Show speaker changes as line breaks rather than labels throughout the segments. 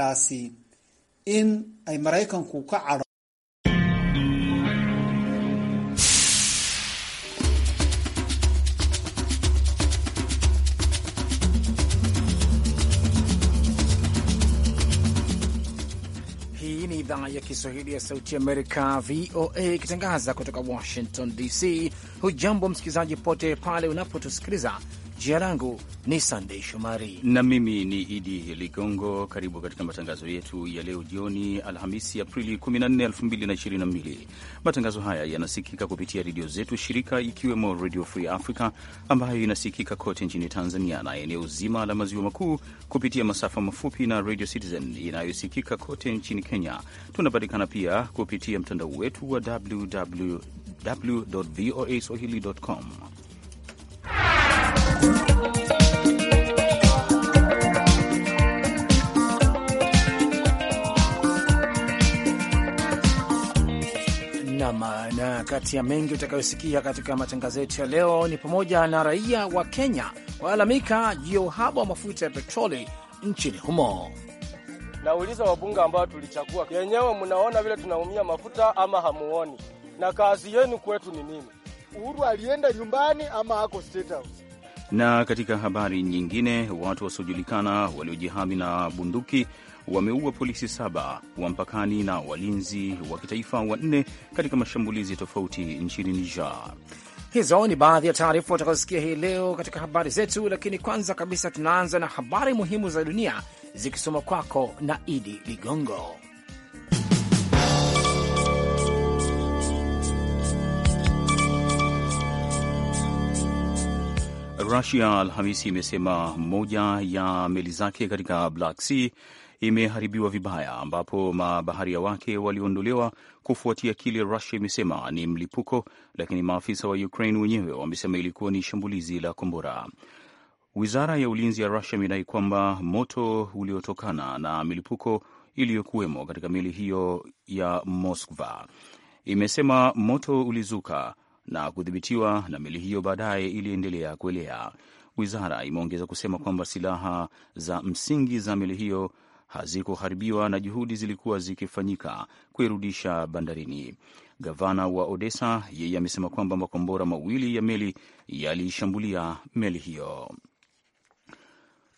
kaasi in ay Maraykanku ka cado
Idhaa ya Kiswahili ya Sauti Amerika, VOA, ikitangaza kutoka Washington DC. Hujambo msikilizaji pote pale unapotusikiliza Jina langu ni Sandei Shomari
na mimi ni Idi Ligongo. Karibu katika matangazo yetu ya leo jioni, Alhamisi Aprili 14, 2022. Matangazo haya yanasikika kupitia redio zetu shirika, ikiwemo Radio Free Africa ambayo inasikika kote nchini Tanzania na eneo zima la maziwa makuu kupitia masafa mafupi na Radio Citizen inayosikika kote nchini Kenya. Tunapatikana pia kupitia mtandao wetu wa www voa swahili com
na kati ya mengi utakayosikia katika matangazo yetu ya leo ni pamoja na raia wa Kenya walalamika juu ya uhaba wa mafuta ya petroli nchini humo.
Nauliza wabunge ambao tulichagua yenyewe, mnaona vile tunaumia mafuta ama hamuoni? Na kazi yenu kwetu ni nini? Uhuru alienda nyumbani ama ako State House? Na katika habari nyingine, watu wasiojulikana waliojihami na bunduki wameua polisi saba wa mpakani na walinzi wa kitaifa wanne katika mashambulizi tofauti nchini Niger.
Hizo ni baadhi ya taarifa utakazosikia hii leo katika habari zetu, lakini kwanza kabisa tunaanza na habari muhimu za dunia zikisoma kwako na Idi Ligongo.
Rusia
Alhamisi imesema moja ya meli zake katika Black Sea imeharibiwa vibaya, ambapo mabaharia wake waliondolewa kufuatia kile Rusia imesema ni mlipuko, lakini maafisa wa Ukraine wenyewe wamesema ilikuwa ni shambulizi la kombora. Wizara ya ulinzi ya Rusia imedai kwamba moto uliotokana na milipuko iliyokuwemo katika meli hiyo ya Moskva imesema moto ulizuka na kudhibitiwa na meli hiyo baadaye iliendelea kuelea. Wizara imeongeza kusema kwamba silaha za msingi za meli hiyo hazikuharibiwa na juhudi zilikuwa zikifanyika kuirudisha bandarini. Gavana wa Odessa yeye amesema kwamba makombora mawili ya meli yaliishambulia meli hiyo.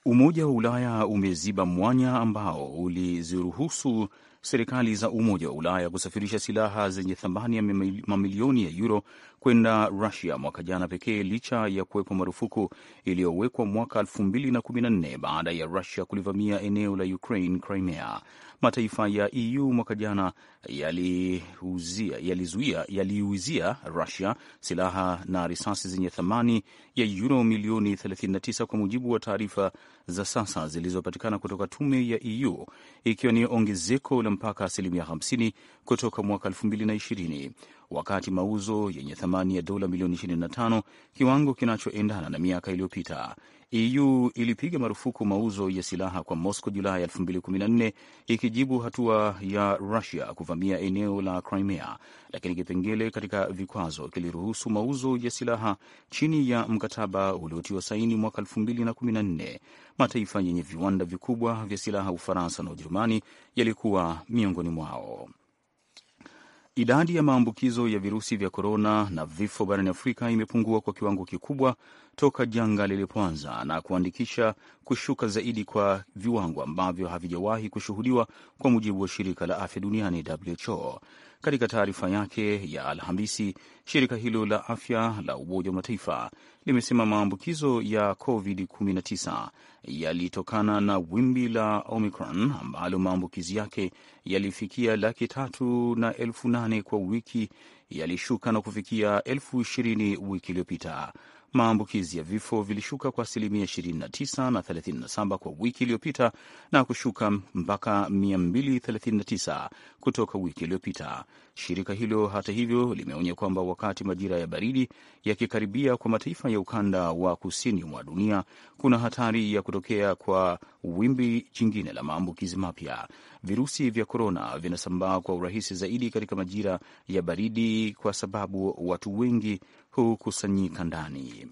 Umoja wa Ulaya umeziba mwanya ambao uliziruhusu serikali za Umoja wa Ulaya kusafirisha silaha zenye thamani ya mamilioni ya yuro kwenda Rusia mwaka jana pekee, licha ya kuwepo marufuku iliyowekwa mwaka 2014 baada ya Rusia kulivamia eneo la Ukraine, Crimea mataifa ya EU mwaka jana yaliuzia yalizuia yaliuzia Rusia silaha na risasi zenye thamani ya euro milioni 39 kwa mujibu wa taarifa za sasa zilizopatikana kutoka tume ya EU, ikiwa ni ongezeko la mpaka asilimia 50 kutoka mwaka 2020 wakati mauzo yenye thamani ya dola milioni 25, kiwango kinachoendana na miaka iliyopita. EU ilipiga marufuku mauzo ya silaha kwa Moscow Julai 2014 ikijibu hatua ya Rusia kuvamia eneo la Crimea, lakini kipengele katika vikwazo kiliruhusu mauzo ya silaha chini ya mkataba uliotiwa saini mwaka 2014. Mataifa yenye viwanda vikubwa vya silaha, Ufaransa na Ujerumani, yalikuwa miongoni mwao. Idadi ya maambukizo ya virusi vya korona na vifo barani Afrika imepungua kwa kiwango kikubwa toka janga lilipoanza na kuandikisha kushuka zaidi kwa viwango ambavyo havijawahi kushuhudiwa, kwa mujibu wa shirika la afya duniani WHO. Katika taarifa yake ya Alhamisi, shirika hilo la afya la Umoja wa Mataifa limesema maambukizo ya COVID-19 yalitokana na wimbi la Omicron ambalo maambukizi yake yalifikia laki tatu na elfu nane kwa wiki, yalishuka na kufikia elfu ishirini wiki iliyopita maambukizi ya vifo vilishuka kwa asilimia 29 na 37 kwa wiki iliyopita na kushuka mpaka 239 kutoka wiki iliyopita. Shirika hilo hata hivyo limeonya kwamba wakati majira ya baridi yakikaribia kwa mataifa ya ukanda wa kusini mwa dunia, kuna hatari ya kutokea kwa wimbi jingine la maambukizi mapya. Virusi vya korona vinasambaa kwa urahisi zaidi katika majira ya baridi kwa sababu watu wengi hukusanyika ndani.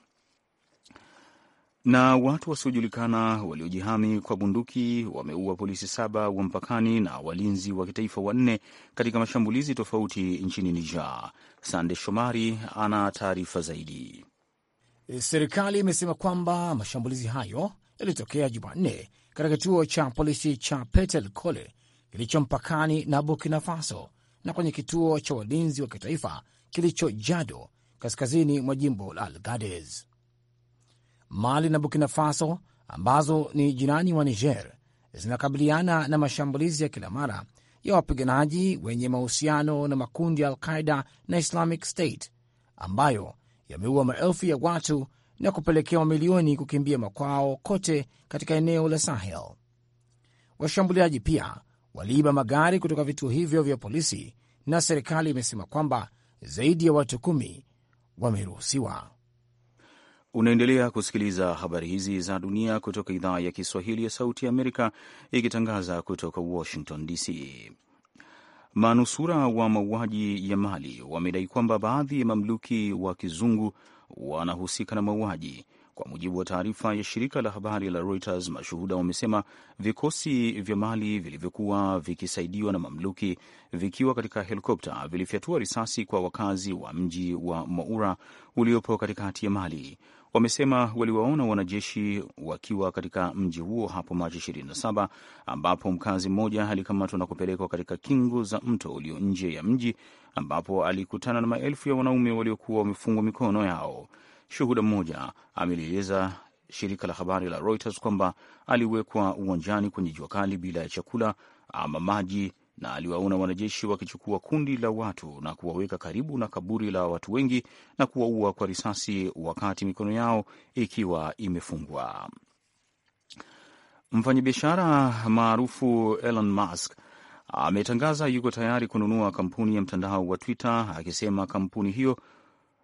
Na watu wasiojulikana waliojihami kwa bunduki wameua polisi saba wa mpakani na walinzi wa kitaifa wanne katika mashambulizi tofauti nchini Niger. Sande Shomari ana taarifa zaidi.
E, serikali imesema kwamba mashambulizi hayo yalitokea Jumanne katika kituo cha polisi cha Petel Kole kilicho mpakani na Burkina Faso na kwenye kituo cha walinzi wa kitaifa kilicho Jado kaskazini mwa jimbo la Algades. Mali na Burkina Faso ambazo ni jirani wa Niger zinakabiliana na mashambulizi ya kila mara ya wapiganaji wenye mahusiano na makundi ya alqaida na Islamic State ambayo yameua maelfu ya watu na kupelekea mamilioni kukimbia makwao kote katika eneo la Sahel. Washambuliaji pia waliiba magari kutoka vituo hivyo vya polisi, na serikali imesema kwamba zaidi ya watu kumi wameruhusiwa.
Unaendelea kusikiliza habari hizi za dunia kutoka idhaa ya Kiswahili ya Sauti ya Amerika ikitangaza kutoka Washington DC. Manusura wa mauaji ya Mali wamedai kwamba baadhi ya mamluki wa kizungu wanahusika na mauaji. Kwa mujibu wa taarifa ya shirika la habari la Reuters, mashuhuda wamesema vikosi vya Mali vilivyokuwa vikisaidiwa na mamluki vikiwa katika helikopta vilifyatua risasi kwa wakazi wa mji wa Moura uliopo katikati ya Mali wamesema waliwaona wanajeshi wakiwa katika mji huo hapo Machi 27 ambapo mkazi mmoja alikamatwa na kupelekwa katika kingo za mto ulio nje ya mji ambapo alikutana na maelfu ya wanaume waliokuwa wamefungwa mikono yao. Shuhuda mmoja amelieleza shirika la habari la Reuters kwamba aliwekwa uwanjani kwenye jua kali bila ya chakula ama maji na aliwaona wanajeshi wakichukua kundi la watu na kuwaweka karibu na kaburi la watu wengi na kuwaua kwa risasi wakati mikono yao ikiwa imefungwa. Mfanyabiashara maarufu Elon Musk ametangaza yuko tayari kununua kampuni ya mtandao wa Twitter akisema kampuni hiyo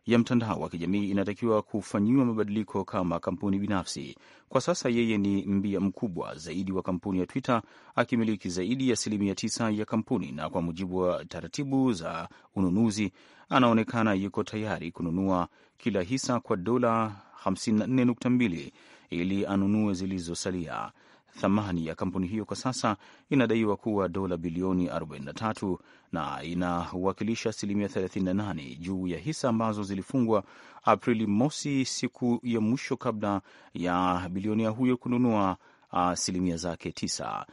ya mtandao wa kijamii inatakiwa kufanyiwa mabadiliko kama kampuni binafsi. Kwa sasa yeye ni mbia mkubwa zaidi wa kampuni ya Twitter, akimiliki zaidi ya asilimia tisa ya kampuni, na kwa mujibu wa taratibu za ununuzi, anaonekana yuko tayari kununua kila hisa kwa dola 54.2 ili anunue zilizosalia. Thamani ya kampuni hiyo kwa sasa inadaiwa kuwa dola bilioni 43 na inawakilisha asilimia 38 juu ya hisa ambazo zilifungwa Aprili mosi, siku ya mwisho kabla ya bilionea huyo kununua uh, asilimia zake tisa.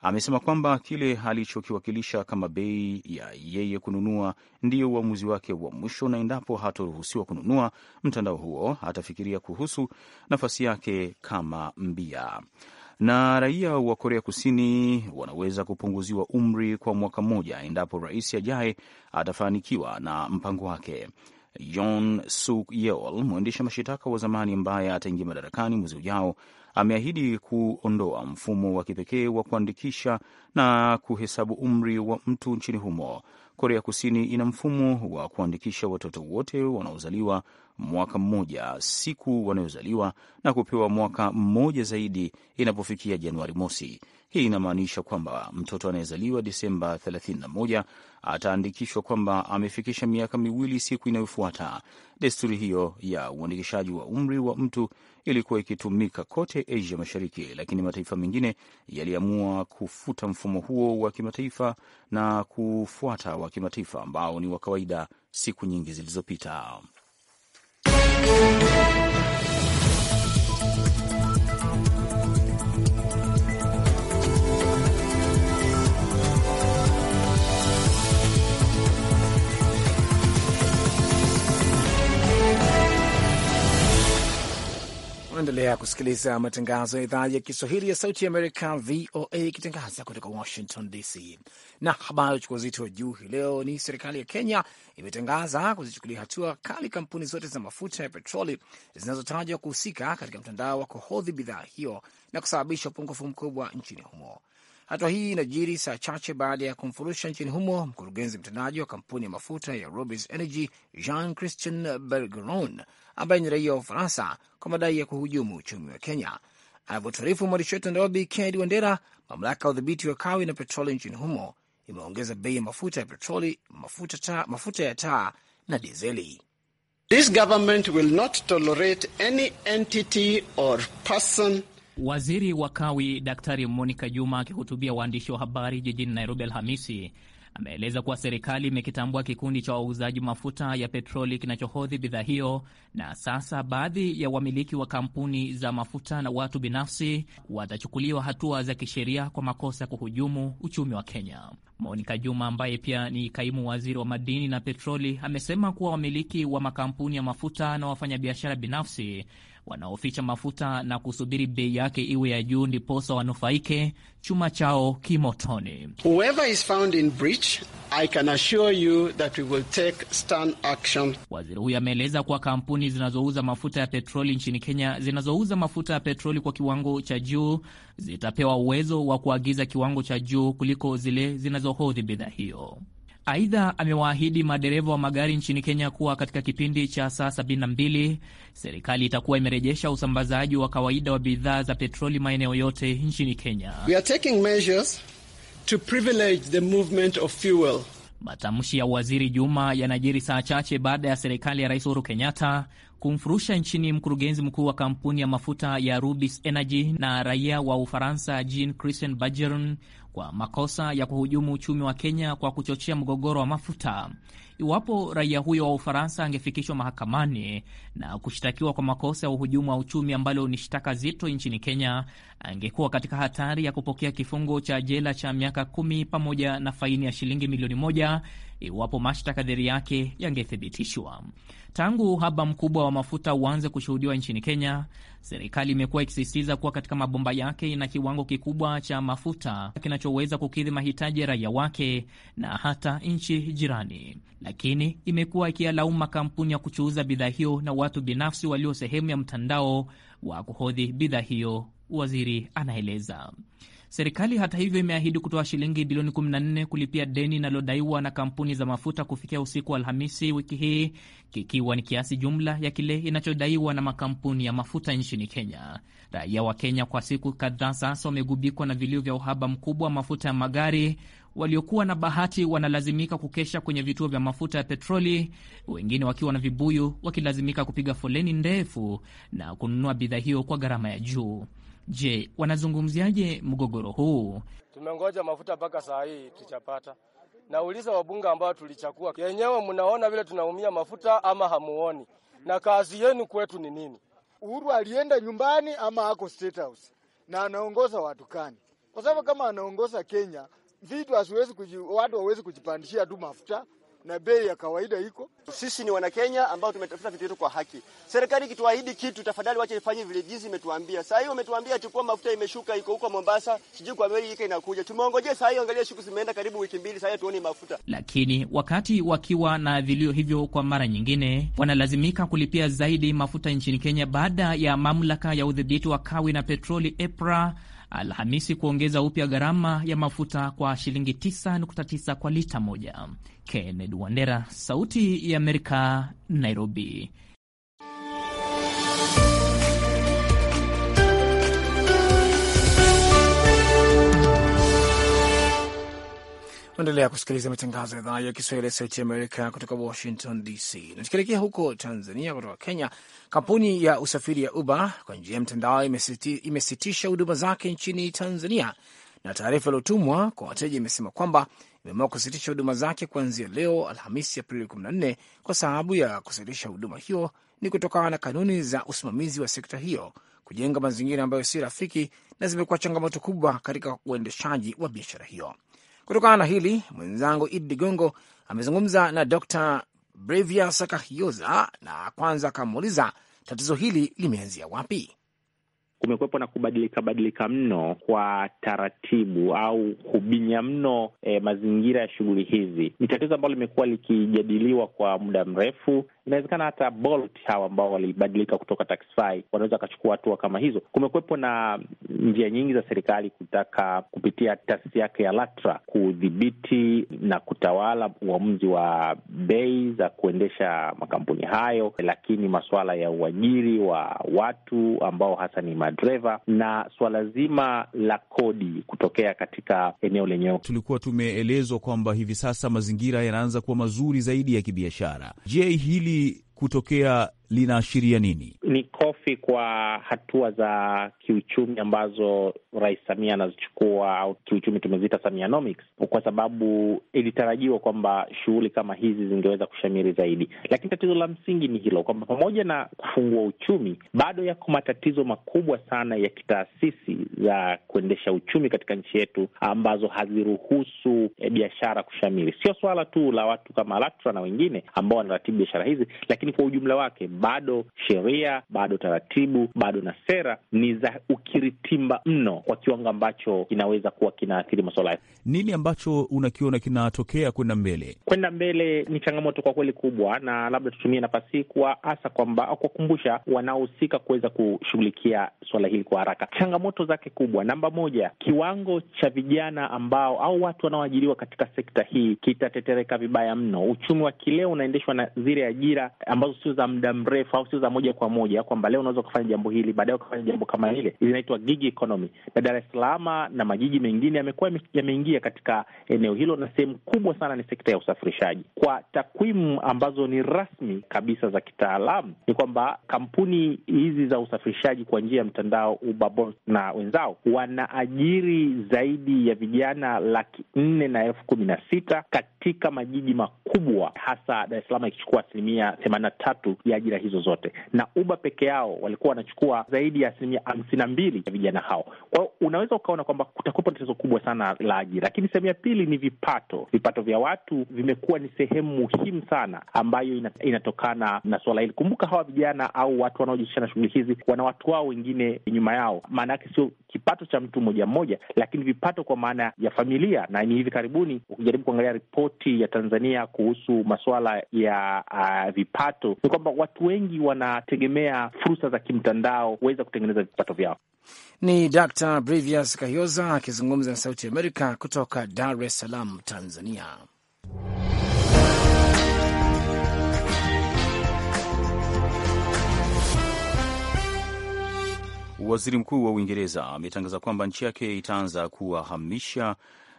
Amesema kwamba kile alichokiwakilisha kama bei ya yeye kununua ndiyo uamuzi wake wa mwisho, na endapo hatoruhusiwa kununua mtandao huo atafikiria kuhusu nafasi yake kama mbia na raia wa Korea Kusini wanaweza kupunguziwa umri kwa mwaka mmoja endapo rais ajaye atafanikiwa na mpango wake. Yon Suk Yeol, mwendesha mashitaka wa zamani ambaye ataingia madarakani mwezi ujao, ameahidi kuondoa mfumo wa kipekee wa kuandikisha na kuhesabu umri wa mtu nchini humo. Korea Kusini ina mfumo wa kuandikisha watoto wote wanaozaliwa mwaka mmoja siku wanayozaliwa na kupewa mwaka mmoja zaidi inapofikia Januari mosi. Hii inamaanisha kwamba mtoto anayezaliwa Disemba 31 ataandikishwa kwamba amefikisha miaka miwili siku inayofuata. Desturi hiyo ya uandikishaji wa umri wa mtu ilikuwa ikitumika kote Asia Mashariki, lakini mataifa mengine yaliamua kufuta mfumo huo wa kimataifa na kufuata wa kimataifa ambao ni wa kawaida siku nyingi zilizopita. Música
unaendelea kusikiliza matangazo ya idhaa ya Kiswahili ya Sauti ya Amerika, VOA, ikitangaza kutoka Washington DC. Na habari uchukua uzito wa juu hii leo ni serikali ya Kenya imetangaza kuzichukulia hatua kali kampuni zote za mafuta ya petroli zinazotajwa kuhusika katika mtandao wa kuhodhi bidhaa hiyo na kusababisha upungufu mkubwa nchini humo. Hatua hii inajiri saa chache baada ya kumfurusha nchini humo mkurugenzi mtendaji wa kampuni ya mafuta ya Rubis Energy Jean Christian Bergeron ambaye ni raia wa Ufaransa kwa madai ya kuhujumu uchumi wa Kenya. Anavyotuarifu mwandishi wetu Nairobi, Kennedy Wandera. Mamlaka ya udhibiti wa kawi na petroli nchini humo imeongeza bei ya mafuta ya petroli, mafuta, ta, mafuta ya taa
na dizeli. This government will not tolerate any entity or person Waziri wa Kawi Daktari Monica Juma akihutubia waandishi wa habari jijini Nairobi Alhamisi ameeleza kuwa serikali imekitambua kikundi cha wauzaji mafuta ya petroli kinachohodhi bidhaa hiyo, na sasa baadhi ya wamiliki wa kampuni za mafuta na watu binafsi watachukuliwa hatua za kisheria kwa makosa ya kuhujumu uchumi wa Kenya. Monica Juma ambaye pia ni kaimu waziri wa madini na petroli amesema kuwa wamiliki wa makampuni ya mafuta na wafanyabiashara binafsi wanaoficha mafuta na kusubiri bei yake iwe ya juu ndiposa wanufaike, chuma chao kimotoni. Waziri huyo ameeleza kuwa kampuni zinazouza mafuta ya petroli nchini Kenya zinazouza mafuta ya petroli kwa kiwango cha juu zitapewa uwezo wa kuagiza kiwango cha juu kuliko zile zinazohodhi bidhaa hiyo. Aidha, amewaahidi madereva wa magari nchini Kenya kuwa katika kipindi cha saa 72 serikali itakuwa imerejesha usambazaji wa kawaida wa bidhaa za petroli maeneo yote nchini Kenya. We are taking measures to privilege the movement of fuel. Matamshi ya Waziri Juma yanajiri saa chache baada ya serikali ya Rais Uhuru Kenyatta kumfurusha nchini mkurugenzi mkuu wa kampuni ya mafuta ya Rubis Energy na raia wa Ufaransa Jean Christian Bergeron kwa makosa ya kuhujumu uchumi wa Kenya kwa kuchochea mgogoro wa mafuta. Iwapo raia huyo wa Ufaransa angefikishwa mahakamani na kushtakiwa kwa makosa ya uhujumu wa uchumi, ambalo ni shtaka zito nchini Kenya, angekuwa katika hatari ya kupokea kifungo cha jela cha miaka kumi pamoja na faini ya shilingi milioni moja iwapo mashtaka dhidi yake yangethibitishwa. Tangu uhaba mkubwa wa mafuta uanze kushuhudiwa nchini Kenya, serikali imekuwa ikisisitiza kuwa katika mabomba yake ina kiwango kikubwa cha mafuta kinachoweza kukidhi mahitaji ya raia wake na hata nchi jirani lakini imekuwa ikialaumu makampuni ya kuchuuza bidhaa hiyo na watu binafsi walio sehemu ya mtandao wa kuhodhi bidhaa hiyo, waziri anaeleza. Serikali hata hivyo imeahidi kutoa shilingi bilioni 14 kulipia deni linalodaiwa na kampuni za mafuta kufikia usiku wa Alhamisi wiki hii, kikiwa ni kiasi jumla ya kile inachodaiwa na makampuni ya mafuta nchini Kenya. Raia wa Kenya kwa siku kadhaa sasa wamegubikwa na vilio vya uhaba mkubwa wa mafuta ya magari. Waliokuwa na bahati wanalazimika kukesha kwenye vituo vya mafuta ya petroli, wengine wakiwa na vibuyu, wakilazimika kupiga foleni ndefu na kununua bidhaa hiyo kwa gharama ya juu. Je, wanazungumziaje mgogoro huu? Tumengoja
mafuta mpaka saa hii tuchapata. Nauliza wabunge ambao tulichakua yenyewe, mnaona vile tunaumia mafuta ama hamuoni? Na kazi yenu kwetu ni nini? Uhuru alienda nyumbani ama ako State House na anaongoza watu kani? Kwa sababu kama anaongoza
Kenya, vitu hasiwezi kuji, watu wawezi kujipandishia tu mafuta na bei ya kawaida iko.
Sisi ni Wanakenya ambao tumetafuta vitu vyetu kwa haki. Serikali ikituahidi kitu, tafadhali wache ifanye vile jinsi imetuambia. Saa hiyo umetuambia chukua mafuta imeshuka iko huko Mombasa, sijui kwa ika inakuja. Tumeongojea saa hiyo, angalia siku zimeenda karibu wiki mbili, saa hiyo tuone mafuta.
Lakini wakati wakiwa na vilio hivyo, kwa mara nyingine wanalazimika kulipia zaidi mafuta nchini Kenya baada ya mamlaka ya udhibiti wa kawi na petroli EPRA Alhamisi kuongeza upya gharama ya mafuta kwa shilingi 9.9 kwa lita moja. Kennedy Wandera, Sauti ya Amerika, Nairobi.
Tunaendelea kusikiliza matangazo ya idhaa ya Kiswahili ya Sauti Amerika kutoka Washington DC. Na tukielekea huko Tanzania kutoka Kenya, kampuni ya usafiri ya Uber kwa njia ya mtandao imesitisha huduma zake nchini Tanzania, na taarifa iliyotumwa kwa wateja imesema kwamba imeamua kusitisha huduma zake kuanzia leo Alhamisi, Aprili 14 kwa sababu ya kusitisha huduma hiyo ni kutokana na kanuni za usimamizi wa sekta hiyo kujenga mazingira ambayo si rafiki na zimekuwa changamoto kubwa katika uendeshaji wa biashara hiyo. Kutokana na hili, mwenzangu Id Ligongo amezungumza na Dr Brevia Sakahioza na kwanza akamuuliza tatizo hili limeanzia wapi?
Kumekuwepo na kubadilika badilika mno kwa taratibu au kubinya mno e, mazingira ya shughuli hizi. Ni tatizo ambalo limekuwa likijadiliwa kwa muda mrefu, inawezekana hata Bolt hawa ambao walibadilika kutoka Taxify wanaweza wakachukua hatua kama hizo. Kumekuwepo na njia nyingi za serikali kutaka kupitia taasisi yake ya LATRA kudhibiti na kutawala uamuzi wa bei za kuendesha makampuni hayo, lakini masuala ya uajiri wa watu ambao hasa ni madreva na suala zima la kodi kutokea katika eneo
lenyewe. Tulikuwa tumeelezwa kwamba hivi sasa mazingira yanaanza kuwa mazuri zaidi ya kibiashara. Je, hili kutokea linaashiria nini? Ni kofi kwa
hatua za kiuchumi ambazo Rais Samia anazichukua, au kiuchumi tumeziita Samianomics, kwa sababu ilitarajiwa kwamba shughuli kama hizi zingeweza kushamiri zaidi. Lakini tatizo la msingi ni hilo kwamba pamoja na kufungua uchumi, bado yako matatizo makubwa sana ya kitaasisi za kuendesha uchumi katika nchi yetu ambazo haziruhusu e, biashara kushamiri. Sio swala tu la watu kama LATRA na wengine ambao wanaratibu biashara hizi, lakini kwa ujumla wake bado sheria, bado taratibu, bado na sera ni za ukiritimba mno kwa kiwango ambacho kinaweza kuwa kinaathiri masuala hayo.
Nini ambacho unakiona kinatokea kwenda mbele?
Kwenda mbele ni changamoto kwa kweli kubwa, na labda tutumie nafasi hii kuwa hasa kwamba kuwakumbusha wanaohusika kuweza kushughulikia suala hili kwa haraka. Changamoto zake kubwa, namba moja, kiwango cha vijana ambao au watu wanaoajiriwa katika sekta hii kitatetereka vibaya mno. Uchumi wa kileo unaendeshwa na zile ajira ambazo sio za muda mrefu au sio za moja kwa moja, kwamba leo unaweza ukafanya jambo hili, baadaye ukafanya jambo kama hile, inaitwa gig economy. Na Dar es Salaam na majiji mengine yamekuwa yameingia katika eneo hilo, na sehemu kubwa sana ni sekta ya usafirishaji. Kwa takwimu ambazo ni rasmi kabisa za kitaalamu, ni kwamba kampuni hizi za usafirishaji kwa njia ya mtandao Uber, Bolt na wenzao wanaajiri zaidi ya vijana laki nne na elfu kumi na sita katika majiji makubwa, hasa Dar es Salaam ikichukua asilimia themanini na tatu ya ajira ajira hizo zote, na Uber peke yao walikuwa wanachukua zaidi ya asilimia hamsini na mbili ya vijana hao. Kwa hiyo unaweza ukaona kwamba kutakuwepo na tatizo kubwa sana la ajira, lakini sehemu ya pili ni vipato. Vipato vya watu vimekuwa ni sehemu muhimu sana ambayo inatokana na suala hili. Kumbuka hawa vijana au watu wanaojihusisha na shughuli hizi wana watu wao wengine nyuma yao, maana yake sio kipato cha mtu mmoja mmoja, lakini vipato kwa maana ya familia. Na ni hivi karibuni ukijaribu kuangalia ripoti ya Tanzania kuhusu masuala ya uh, vipato ni kwamba watu wengi wanategemea fursa za kimtandao kuweza kutengeneza vipato vyao.
Ni Dr. Brevius Kahioza akizungumza na Sauti Amerika kutoka Dar es Salaam, Tanzania.
Waziri Mkuu wa Uingereza ametangaza kwamba nchi yake itaanza kuwahamisha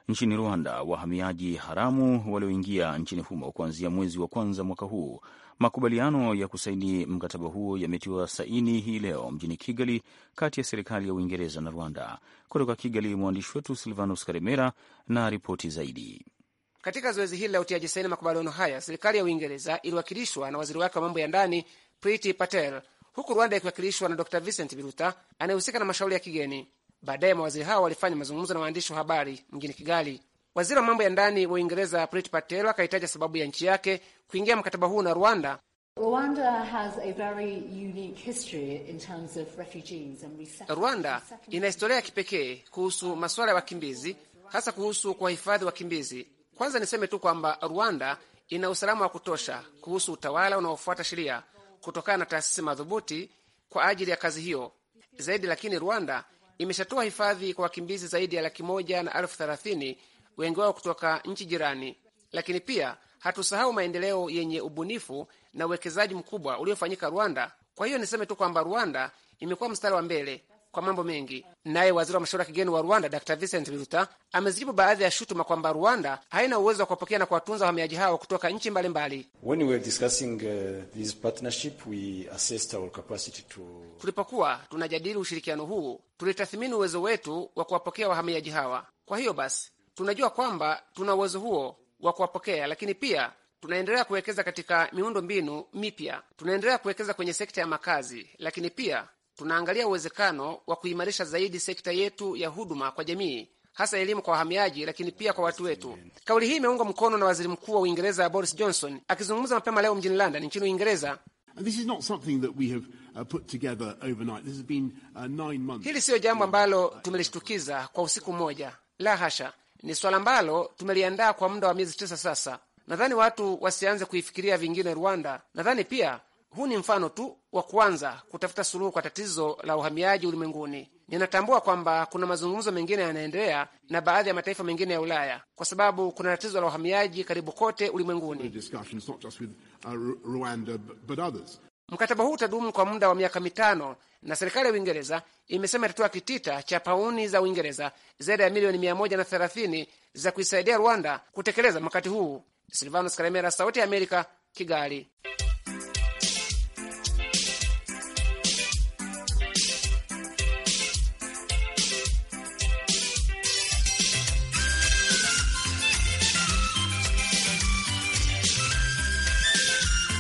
nchini Rwanda wahamiaji haramu walioingia nchini humo kuanzia mwezi wa kwanza mwaka huu. Makubaliano ya kusaini mkataba huo yametiwa saini hii leo mjini Kigali, kati ya serikali ya Uingereza na Rwanda. Kutoka Kigali, mwandishi wetu Silvanus Karemera na ripoti zaidi.
Katika zoezi hili la utiaji saini makubaliano haya, serikali ya Uingereza iliwakilishwa na waziri wake wa mambo ya ndani Priti Patel, huku Rwanda ikiwakilishwa na Dr Vincent Biruta anayehusika na mashauri ya kigeni. Baadaye mawaziri hao walifanya mazungumzo na waandishi wa habari mjini Kigali. Waziri wa mambo ya ndani wa Uingereza Priti Patel akahitaja sababu ya nchi yake kuingia mkataba huu na Rwanda. Rwanda ina historia ya kipekee kuhusu masuala ya wakimbizi, hasa kuhusu kuwahifadhi wakimbizi. Kwanza niseme tu kwamba Rwanda ina usalama wa kutosha kuhusu utawala unaofuata sheria kutokana na taasisi madhubuti kwa ajili ya kazi hiyo. Zaidi lakini, Rwanda imeshatoa hifadhi kwa wakimbizi zaidi ya laki moja na elfu thelathini wengi wao kutoka nchi jirani. Lakini pia hatusahau maendeleo yenye ubunifu na uwekezaji mkubwa uliofanyika Rwanda. Kwa hiyo niseme tu kwamba Rwanda imekuwa mstari wa mbele kwa mambo mengi. Naye waziri wa mashauri ya kigeni wa Rwanda Dr Vincent Biruta amezijibu baadhi ya shutuma kwamba Rwanda haina uwezo wa kuwapokea na kuwatunza wahamiaji hao kutoka nchi mbalimbali. Uh, Tulipokuwa tunajadili ushirikiano huu, tulitathmini uwezo wetu wa kuwapokea wahamiaji hawa. Kwa hiyo basi, tunajua kwamba tuna uwezo huo wa kuwapokea, lakini pia tunaendelea kuwekeza katika miundo mbinu mipya, tunaendelea kuwekeza kwenye sekta ya makazi, lakini pia tunaangalia uwezekano wa kuimarisha zaidi sekta yetu ya huduma kwa jamii, hasa elimu kwa wahamiaji, lakini pia kwa watu wetu. Kauli hii imeungwa mkono na waziri mkuu wa Uingereza Boris Johnson akizungumza mapema leo mjini London nchini Uingereza. Uh, uh, Hili siyo jambo ambalo tumelishtukiza kwa usiku mmoja, la hasha. Ni swala ambalo tumeliandaa kwa muda wa miezi tisa sasa. Nadhani watu wasianze kuifikiria vingine Rwanda. Nadhani pia huu ni mfano tu wa kwanza kutafuta suluhu kwa tatizo la uhamiaji ulimwenguni. Ninatambua kwamba kuna mazungumzo mengine yanaendelea na baadhi ya mataifa mengine ya Ulaya kwa sababu kuna tatizo la uhamiaji karibu kote ulimwenguni. Uh, Mkataba huu utadumu kwa muda wa miaka mitano na serikali ya Uingereza imesema itatoa kitita cha pauni za Uingereza zaidi ya milioni mia moja na thelathini za kuisaidia Rwanda kutekeleza mkakati huu. Silvanos Karemera, Sauti ya Amerika, Kigali.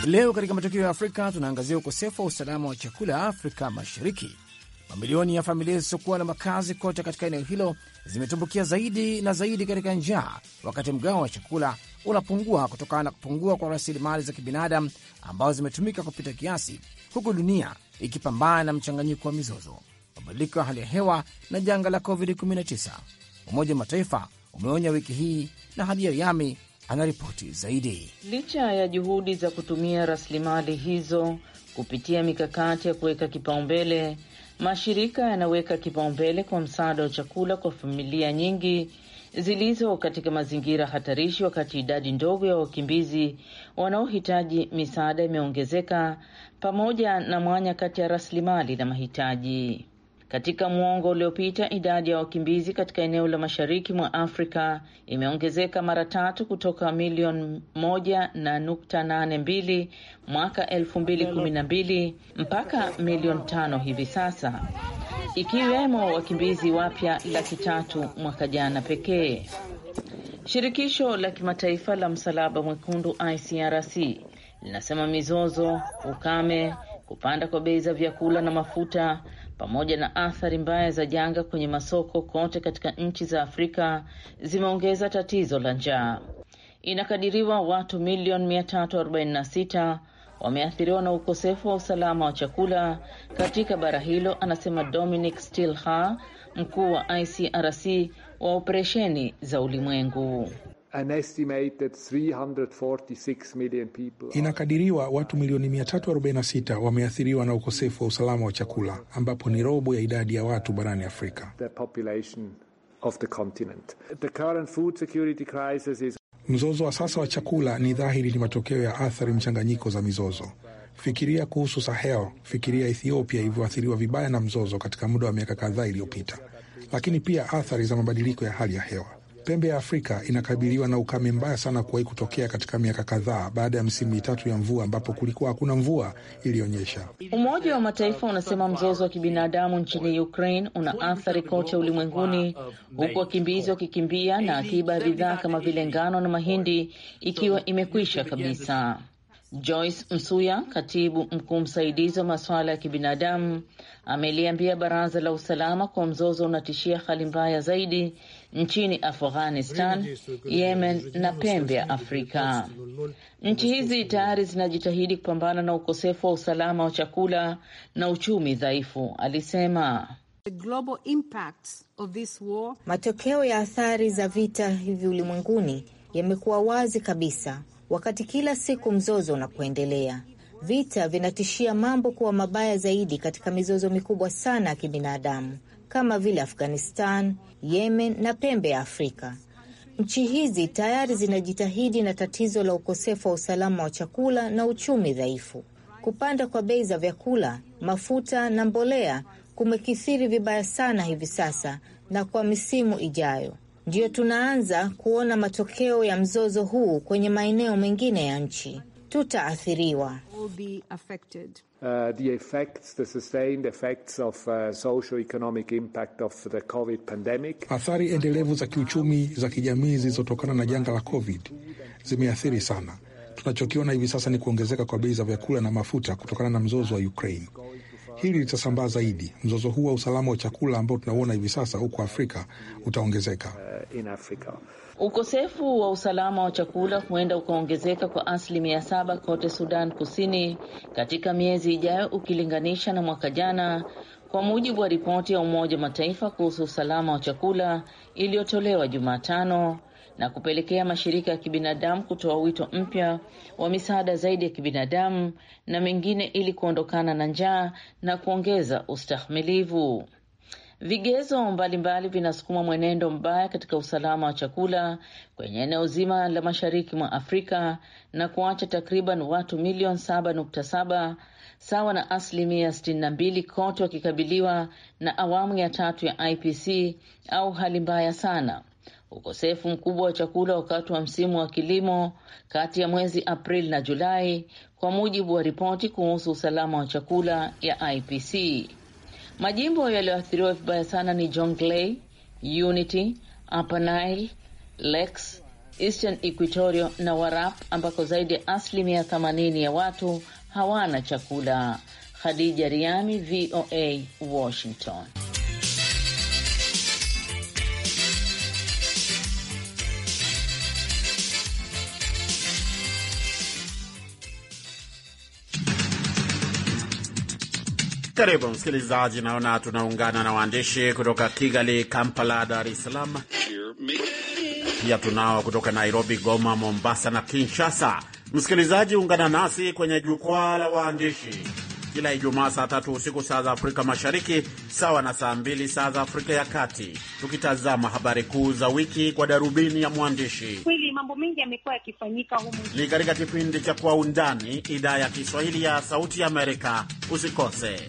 Leo katika matukio ya Afrika tunaangazia ukosefu wa usalama wa chakula Afrika Mashariki. Mamilioni ya familia zisizokuwa na makazi kote katika eneo hilo zimetumbukia zaidi na zaidi katika njaa, wakati mgao wa chakula unapungua kutokana na kupungua kwa rasilimali za kibinadamu ambazo zimetumika kupita kiasi, huku dunia ikipambana na mchanganyiko wa mizozo, mabadiliko ya hali ya hewa na janga la COVID-19. Umoja wa Mataifa umeonya wiki hii na Hadi Yami anaripoti zaidi.
Licha ya juhudi za kutumia rasilimali hizo kupitia mikakati ya kuweka kipaumbele, mashirika yanaweka kipaumbele kwa msaada wa chakula kwa familia nyingi zilizo katika mazingira hatarishi, wakati idadi ndogo ya wakimbizi wanaohitaji misaada imeongezeka, pamoja na mwanya kati ya rasilimali na mahitaji. Katika mwongo uliopita idadi ya wakimbizi katika eneo la mashariki mwa Afrika imeongezeka mara tatu kutoka milioni moja na nukta nane mbili mwaka elfu mbili kumi na mbili mpaka milioni tano hivi sasa, ikiwemo wakimbizi wapya laki tatu mwaka jana pekee. Shirikisho la kimataifa la Msalaba Mwekundu ICRC linasema mizozo, ukame, kupanda kwa bei za vyakula na mafuta pamoja na athari mbaya za janga kwenye masoko kote katika nchi za Afrika zimeongeza tatizo la njaa. Inakadiriwa watu milioni 346 wameathiriwa na ukosefu wa usalama wa chakula katika bara hilo, anasema Dominic Stilha, mkuu wa ICRC wa operesheni za ulimwengu.
An estimated 346 million people.
Inakadiriwa watu milioni 346 wameathiriwa na ukosefu wa usalama wa chakula ambapo ni robo ya idadi ya watu barani Afrika.
The population
of the continent.
The current food security crisis is...
Mzozo wa sasa wa chakula ni dhahiri, ni matokeo ya athari mchanganyiko za mizozo. Fikiria kuhusu Sahel, fikiria Ethiopia ilivyoathiriwa vibaya na mzozo katika muda wa miaka kadhaa iliyopita, lakini pia athari za mabadiliko ya hali ya hewa. Pembe ya Afrika inakabiliwa na ukame mbaya sana kuwahi kutokea katika miaka kadhaa baada ya misimu mitatu ya mvua ambapo kulikuwa hakuna mvua iliyonyesha.
Umoja wa Mataifa unasema mzozo wa kibinadamu nchini Ukraine una athari kote ulimwenguni, huku wakimbizi wakikimbia na akiba ya bidhaa kama vile ngano na mahindi ikiwa imekwisha kabisa. Joyce Msuya, katibu mkuu msaidizi wa masuala ya kibinadamu, ameliambia baraza la usalama kuwa mzozo unatishia hali mbaya zaidi nchini Afghanistan, Yemen na pembe ya Afrika. Nchi hizi tayari zinajitahidi kupambana na ukosefu wa usalama wa chakula na uchumi dhaifu, alisema. Matokeo ya athari za vita hivi ulimwenguni yamekuwa wazi kabisa, wakati kila siku mzozo unapoendelea. Vita vinatishia mambo kuwa mabaya zaidi katika mizozo mikubwa sana ya kibinadamu kama vile Afghanistan, Yemen na pembe ya Afrika. Nchi hizi tayari zinajitahidi na tatizo la ukosefu wa usalama wa chakula na uchumi dhaifu. Kupanda kwa bei za vyakula, mafuta na mbolea kumekithiri vibaya sana hivi sasa na kwa misimu ijayo. Ndiyo tunaanza kuona matokeo ya mzozo huu kwenye maeneo mengine ya nchi tutaathiriwa.
Uh, the effects, the sustained effects of, uh, socio-economic impact of the COVID pandemic.
Athari endelevu za kiuchumi za kijamii zilizotokana na janga la COVID zimeathiri sana. Tunachokiona hivi sasa ni kuongezeka kwa bei za vyakula na mafuta kutokana na mzozo wa Ukraine. Hili litasambaa zaidi. Mzozo huu wa usalama wa chakula ambao tunauona hivi sasa huko Afrika utaongezeka. Uh,
Ukosefu wa usalama wa chakula huenda ukaongezeka kwa asilimia saba kote Sudan Kusini katika miezi ijayo ukilinganisha na mwaka jana, kwa mujibu wa ripoti ya Umoja Mataifa kuhusu usalama wa chakula iliyotolewa Jumatano na kupelekea mashirika ya kibinadamu kutoa wito mpya wa misaada zaidi ya kibinadamu na mengine ili kuondokana na njaa na kuongeza ustahimilivu. Vigezo mbalimbali vinasukuma mwenendo mbaya katika usalama wa chakula kwenye eneo zima la mashariki mwa Afrika na kuacha takriban watu milioni 7.7 sawa na asilimia 62 kote wakikabiliwa na awamu ya tatu ya IPC au hali mbaya sana. Ukosefu mkubwa wa chakula wakati wa msimu wa kilimo kati ya mwezi Aprili na Julai, kwa mujibu wa ripoti kuhusu usalama wa chakula ya IPC. Majimbo yaliyoathiriwa vibaya sana ni Jonglei, Unity, Upper Nile, Lakes, Eastern Equatoria na warap ambako zaidi ya asilimia 80 ya watu hawana chakula. Khadija Riami, VOA, Washington.
Karibu msikilizaji, naona tunaungana na waandishi kutoka Kigali, Kampala, Dar es Salaam, pia tunao kutoka Nairobi, Goma, Mombasa na Kinshasa. Msikilizaji, ungana nasi kwenye jukwaa la waandishi kila Ijumaa saa tatu usiku saa za Afrika Mashariki, sawa na saa mbili saa za Afrika ya Kati, tukitazama habari kuu za wiki kwa darubini ya mwandishi
mambo mengi yamekuwa yakifanyika humu.
Ni katika kipindi cha Kwa Undani, idhaa ya Kiswahili ya Sauti ya Amerika. Usikose.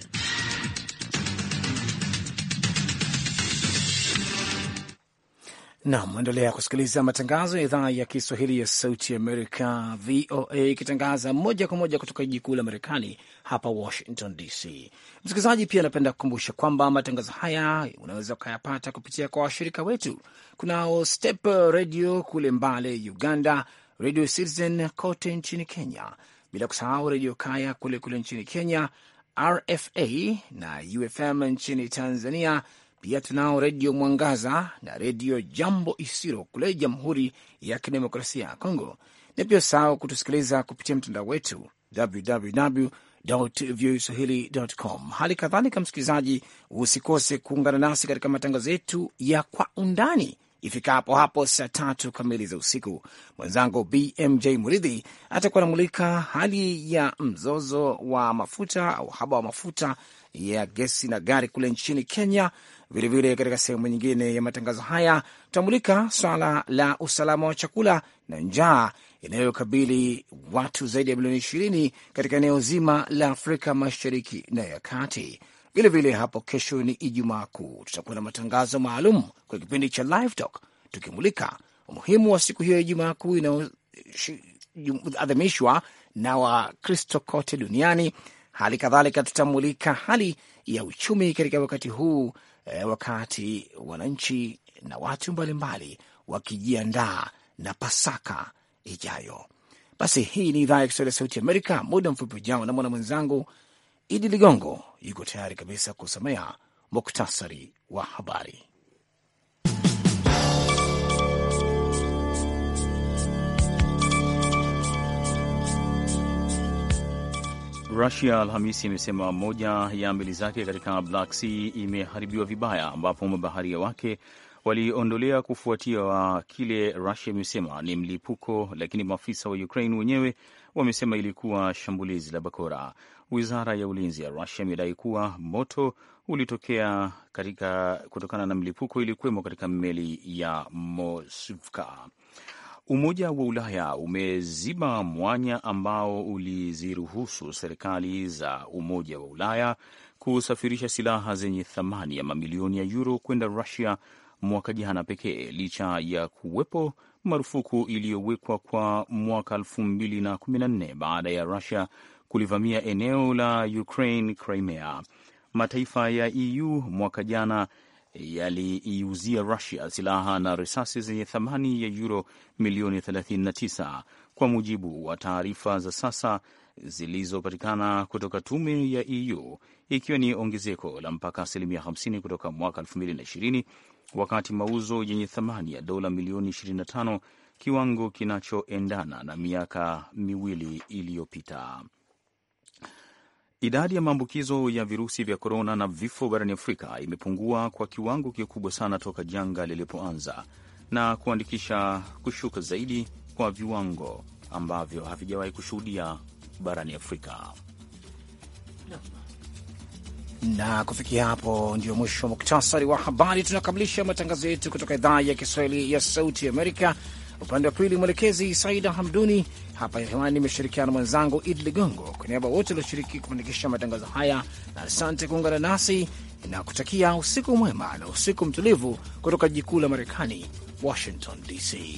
Nam, endelea kusikiliza matangazo ya idhaa ya Kiswahili ya Sauti Amerika, VOA, ikitangaza moja kwa moja kutoka jiji kuu la Marekani, hapa Washington DC. Msikilizaji, pia anapenda kukumbusha kwamba matangazo haya unaweza ukayapata kupitia kwa washirika wetu. Kunao Step Redio kule Mbale, Uganda, Radio Citizen kote nchini Kenya, bila kusahau Redio Kaya kule kule nchini Kenya, RFA na UFM nchini Tanzania, pia tunao redio Mwangaza na redio Jambo Isiro kule Jamhuri ya Kidemokrasia ya Kongo, na pia sawa kutusikiliza kupitia mtandao wetu www voaswahili.com. Hali kadhalika, msikilizaji, usikose kuungana nasi katika matangazo yetu ya Kwa Undani ifikapo hapo saa tatu kamili za usiku. Mwenzangu BMJ Muridhi atakuwa anamulika hali ya mzozo wa mafuta au uhaba wa mafuta ya gesi na gari kule nchini Kenya. Vilevile katika sehemu nyingine ya matangazo haya tutamulika swala la usalama wa chakula na njaa inayokabili watu zaidi ya milioni ishirini katika eneo zima la Afrika Mashariki na ya Kati. Vilevile hapo kesho ni Ijumaa Kuu, tutakuwa na matangazo maalum kwa kipindi cha Live Talk tukimulika umuhimu wa siku hiyo ya Ijumaa Kuu inayoadhimishwa na Wakristo kote duniani Hali kadhalika tutamulika hali ya uchumi katika wakati huu e, wakati wananchi na watu mbalimbali wakijiandaa na Pasaka ijayo. Basi hii ni idhaa ya Kiswahili ya Sauti Amerika. Muda mfupi ujao na mwana mwenzangu Idi Ligongo yuko tayari kabisa kusomea muktasari wa habari.
Rusia Alhamisi imesema moja ya meli zake katika Black Sea imeharibiwa vibaya, ambapo mabaharia wake waliondolea kufuatia wa kile Rusia imesema ni mlipuko, lakini maafisa wa Ukraine wenyewe wamesema ilikuwa shambulizi la bakora. Wizara ya ulinzi ya Rusia imedai kuwa moto ulitokea katika kutokana na mlipuko ilikuwemo katika meli ya mosvka Umoja wa Ulaya umeziba mwanya ambao uliziruhusu serikali za Umoja wa Ulaya kusafirisha silaha zenye thamani ya mamilioni ya yuro kwenda Rusia mwaka jana pekee, licha ya kuwepo marufuku iliyowekwa kwa mwaka 2014 baada ya Rusia kulivamia eneo la Ukraine, Crimea. Mataifa ya EU mwaka jana yaliiuzia Rusia silaha na risasi zenye thamani ya yuro milioni 39 kwa mujibu wa taarifa za sasa zilizopatikana kutoka tume ya EU, ikiwa ni ongezeko la mpaka asilimia 50 kutoka mwaka 2020 wakati mauzo yenye thamani ya dola milioni 25, kiwango kinachoendana na miaka miwili iliyopita. Idadi ya maambukizo ya virusi vya korona na vifo barani Afrika imepungua kwa kiwango kikubwa sana toka janga lilipoanza na kuandikisha kushuka zaidi kwa viwango ambavyo havijawahi kushuhudia barani Afrika.
Na kufikia hapo ndio mwisho wa muktasari wa habari. Tunakamilisha matangazo yetu kutoka idhaa ya Kiswahili ya Sauti Amerika upande wa pili mwelekezi Saida Hamduni. Hapa hewani nimeshirikiana na mwenzangu Idi Ligongo. Kwa niaba wote walioshiriki kufanikisha matangazo haya, na asante kuungana nasi na kutakia usiku mwema na usiku mtulivu kutoka jikuu la Marekani, Washington DC.